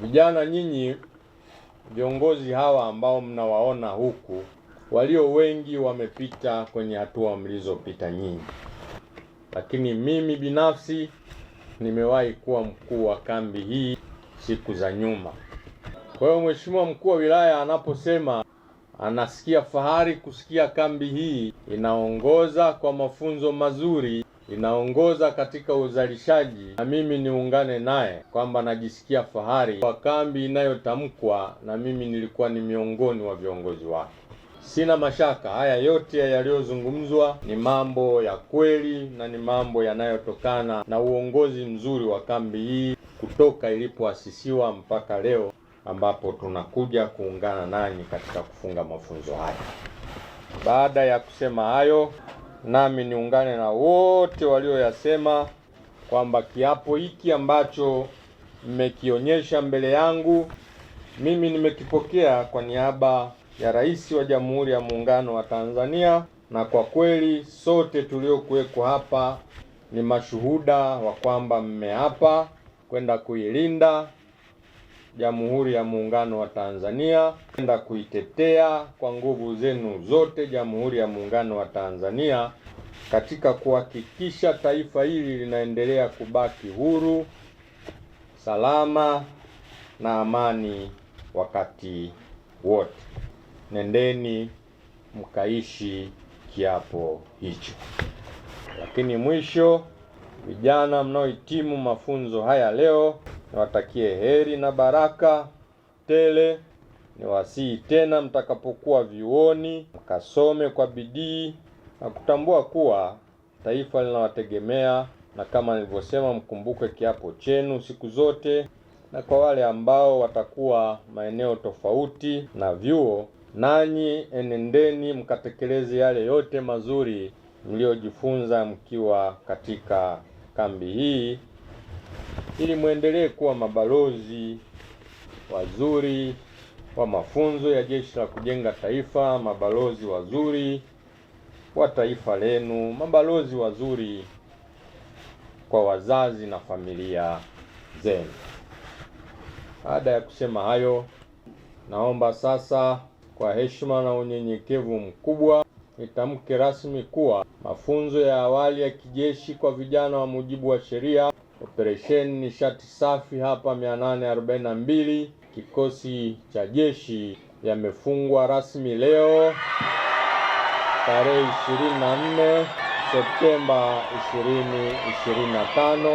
Vijana nyinyi viongozi hawa ambao mnawaona huku, walio wengi wamepita kwenye hatua mlizopita nyinyi, lakini mimi binafsi nimewahi kuwa mkuu wa kambi hii siku za nyuma. Kwa hiyo mheshimiwa mkuu wa wilaya anaposema anasikia fahari kusikia kambi hii inaongoza kwa mafunzo mazuri inaongoza katika uzalishaji, na mimi niungane naye kwamba najisikia fahari kwa kambi inayotamkwa, na mimi nilikuwa ni miongoni wa viongozi wake. Sina mashaka haya yote yaliyozungumzwa ni mambo ya kweli na ni mambo yanayotokana na uongozi mzuri wa kambi hii kutoka ilipoasisiwa mpaka leo ambapo tunakuja kuungana nanyi katika kufunga mafunzo haya. Baada ya kusema hayo nami niungane na wote walioyasema kwamba kiapo hiki ambacho mmekionyesha mbele yangu mimi nimekipokea kwa niaba ya Rais wa Jamhuri ya Muungano wa Tanzania, na kwa kweli sote tuliokuwekwa hapa ni mashuhuda wa kwamba mmeapa kwenda kuilinda Jamhuri ya Muungano wa Tanzania. Enda kuitetea kwa nguvu zenu zote Jamhuri ya Muungano wa Tanzania katika kuhakikisha taifa hili linaendelea kubaki huru, salama na amani wakati wote. Nendeni mkaishi kiapo hicho. Lakini mwisho, vijana mnaohitimu mafunzo haya leo niwatakie heri na baraka tele. Niwasihi tena mtakapokuwa vyuoni, mkasome kwa bidii na kutambua kuwa taifa linawategemea, na kama nilivyosema, mkumbuke kiapo chenu siku zote. Na kwa wale ambao watakuwa maeneo tofauti na vyuo, nanyi enendeni mkatekeleze yale yote mazuri mliojifunza mkiwa katika kambi hii ili mwendelee kuwa mabalozi wazuri wa mafunzo ya Jeshi la Kujenga Taifa, mabalozi wazuri wa taifa lenu, mabalozi wazuri kwa wazazi na familia zenu. Baada ya kusema hayo, naomba sasa kwa heshima na unyenyekevu mkubwa nitamke rasmi kuwa mafunzo ya awali ya kijeshi kwa vijana wa mujibu wa sheria operesheni nishati safi hapa 842 kikosi cha jeshi yamefungwa rasmi leo tarehe 24 Septemba 2025.